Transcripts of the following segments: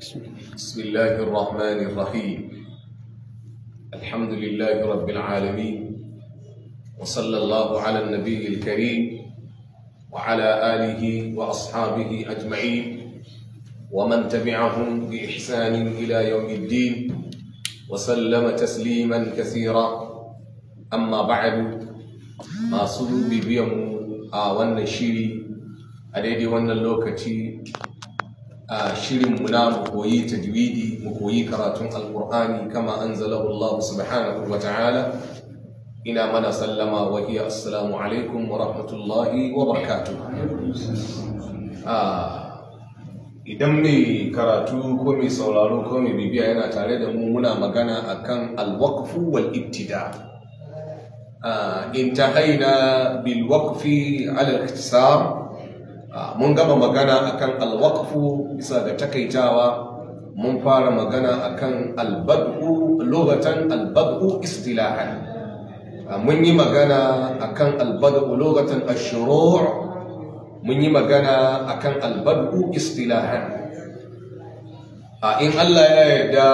بسم الله الرحمن الرحيم الحمد لله رب العالمين وصلى الله على النبي الكريم وعلى آله وأصحابه أجمعين ومن تبعهم بإحسان إلى يوم الدين وسلم تسليما كثيرا أما بعد ما صلوا ببيهم آوان آه، والنشيري أليدي daidai اللوكتي a shirin muna mu koyi tajwidi mu koyi karatun alqur'ani kama anzalahu Allah subhanahu wa ta'ala ina mana sallama wa hiya assalamu alaikum wa rahmatullahi wa barakatuh idan mai karatu ko mai sauraro ko mai bibiya yana tare da mu muna magana akan alwaqfu wal ibtida intahaina bil waqfi ala al-ikhtisar Ah, mun gama magana akan alwaqfu bisa ga takaitawa mun fara magana akan albad'u lugatan albad'u istilahan ah, mun yi magana akan albad'u lugatan ashru' mun yi magana akan albad'u istilahan ah, in Allah ya yarda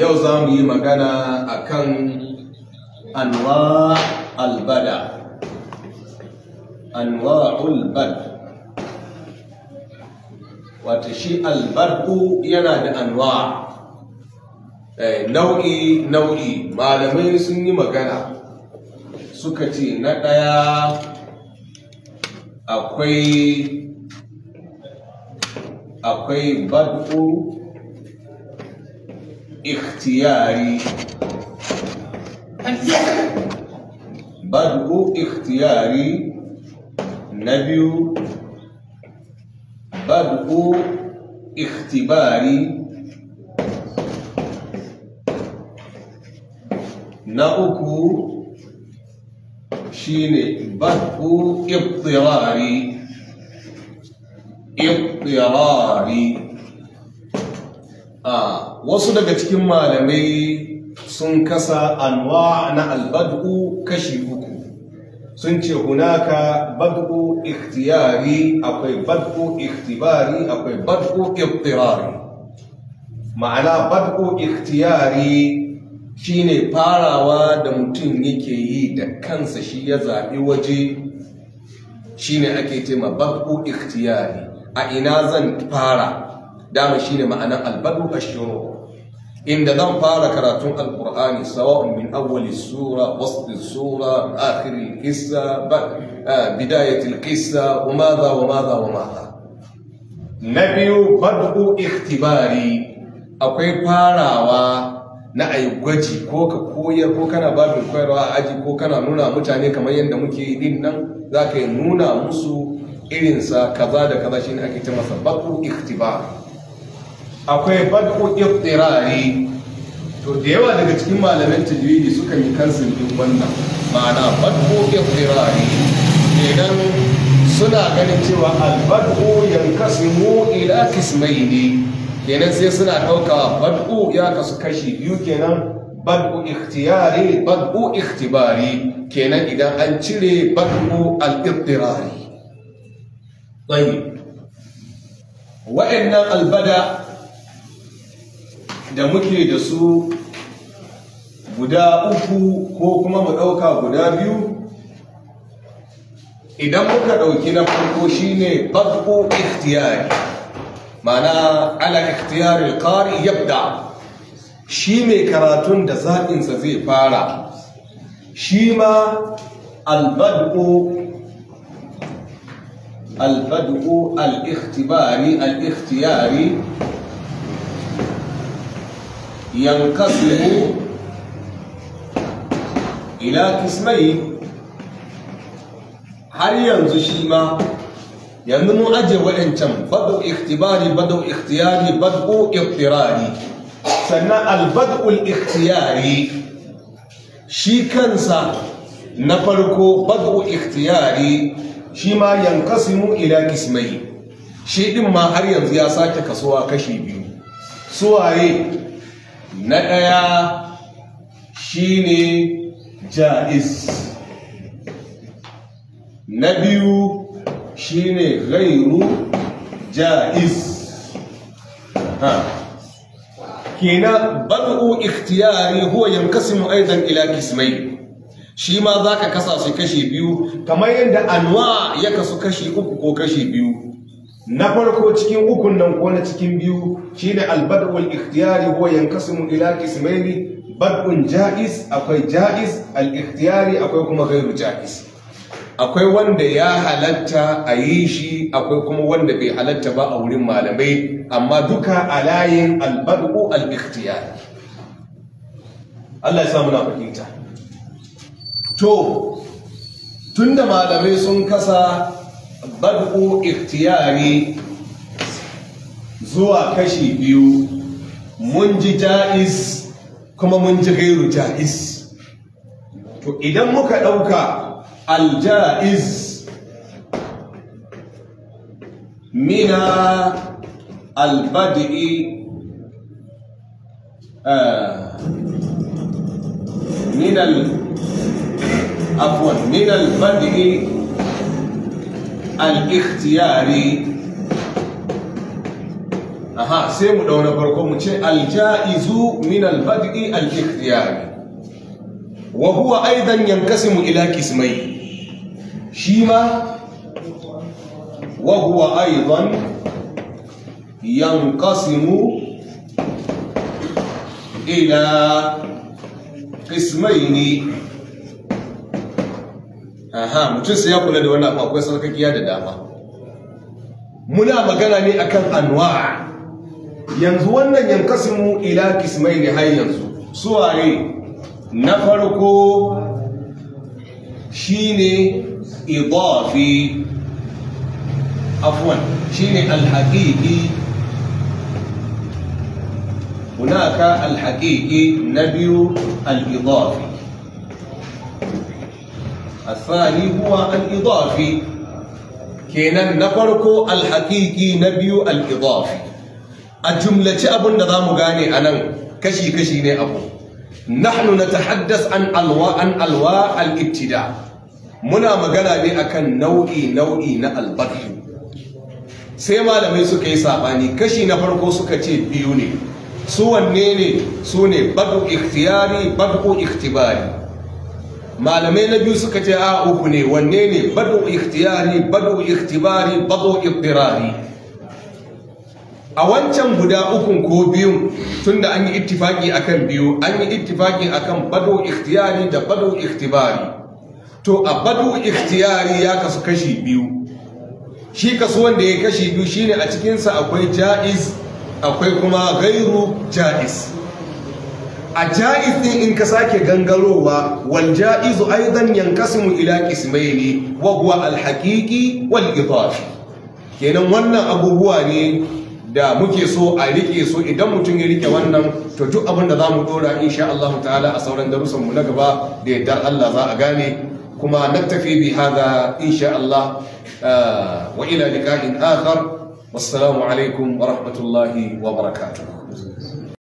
yau za mu yi magana akan anwa albada أنواع البر وتشي البرد ينادى أنواع إيه، نوعي نوعي ما لم يسن مكانا سكتي نتايا أقوي أقوي برد اختياري برد اختياري na biyu bad'u ikhtibari na uku shine bad'u ibtirari ibtirari a wasu daga cikin malamai sun kasa anwa na albad'u kashi uku sun ce hunaka bad'u ikhtiyari akwai bad'u ikhtibari akwai bad'u iftirari ma'ana bad'u ikhtiyari shine farawa da mutum yake yi da kansa shi ya zaɓi waje shine ake tema ma bad'u ikhtiyari a ina zan fara dama shine ma'ana albadu ashuru inda zan fara karatun alkur'ani sawa'un min awwali sura wasl sura akhir alqissa bidayat alqissa wa madha wa madha wa madha na biyu bad'u ikhtibari akwai farawa na a yi gwaji ko ka koyar ko kana babin koyarwa a aji ko kana nuna mutane kamar yadda muke yi din nan za ka yi nuna musu irinsa kaza da kaza shi ne ake ta masa baku akwai bad'u iftirari to da yawa daga cikin malamin tajwidi suka yi kansin din wannan ma'ana bad'u iftirari idan suna ganin cewa albad'u yankasimu ila ne, kenan sai suna ɗaukawa bad'u ya kasu kashi biyu kenan bad'u ikhtiyari bad'u ikhtibari kenan idan an cire bad'u al-ittirari albada da muke da su guda uku ko kuma mu ɗauka guda biyu idan muka ɗauki na farko shine bad'u ikhtiyari mana ala ikhtiyari qari yabda shi mai karatun da zaɓinsa zai fara shi ma albad'u albad'u al-ikhtibari al-ikhtiyari ينقسم إلى قسمين har yanzu shi ma yanzu mun aje waɗancan badu ikhtibari badu ikhtiyari badu iktirari sannan albadul ikhtiyari shi kansa na farko badu ikhtiyari shi ma yankasimu ila kismai shi ɗin ma har yanzu ya sake kasuwa kashi biyu suwaye na ɗaya shine ja'iz na biyu shine gairu ja'iz ha kenan bad'u ikhtiyari huwa yankasimu aidan ila kismai shi ma zaka kasa su kashi biyu kamar yadda anwa ya kasu kashi uku ko kashi biyu na farko cikin ukun nan ko na cikin biyu shine albad'ul ikhtiyari huwa yankasimu ila qismaini bad'un ja'iz akwai ja'iz al-ikhtiyari akwai kuma Gairu ja'iz akwai wanda ya halatta a yi shi akwai kuma wanda bai halatta ba a wurin malamai amma duka a layin albad'u al-ikhtiyari Allah ya samu na fahimta to tunda malamai sun kasa bad'u ikhtiyari zuwa kashi biyu mun ji ja'iz kuma mun ji gairu ja'iz to idan muka ɗauka alja'iz mina albadi'i eh, min al afwan min الاختياري أها سيمو دونا بركم الجائز من البدء الاختياري وهو أيضا ينقسم إلى قسمين شيما وهو أيضا ينقسم إلى قسمين aha mutum sai ya kula da wannan abu akwai sarkakiya da dama muna magana ne akan anwa yanzu wannan yankasimu ila kismai ne har yanzu suwaye na farko shine idafi afwan shine alhaqiqi هناك الحقيقي na biyu الثاني هو الإضافي كينا نفركو الحقيقي نبيو الإضافي الجملة أبو النظام غاني أنا كشي كشي ني أبو نحن نتحدث عن ألواء عن ألواء الابتداء منا مغانا ني أكن نوئي نوئي نا البدء sai malamai suka yi sabani kashi na farko suka ce biyu ne su wanne ne su malamai na biyu suka ce a uku ne wanne ne badu ikhtiyari badu iktibari badu ittirari a wancan guda uku ko biyun tunda an yi ittifaki akan biyu an yi ittifaki akan badu ikhtiyari da badu iktibari to a badu ikhtiyari ya kasu kashi biyu shi kasu wanda ya kashi biyu shine a cikinsa akwai ja'iz akwai kuma gairu ja'iz a ja'iz din in ka sake gangarowa wal ja'izu aidan yankasimu ila qismaini wa huwa al haqiqi wal idafi kenan wannan abubuwa ne da muke so a rike su idan mutum ya rike wannan to duk abin da zamu dora insha Allah ta'ala a sauran darussan mu na gaba da yadda Allah za a gane kuma naktafi bi hada insha Allah ah, wa ila liqa'in akhar wassalamu alaikum wa rahmatullahi wa barakatuh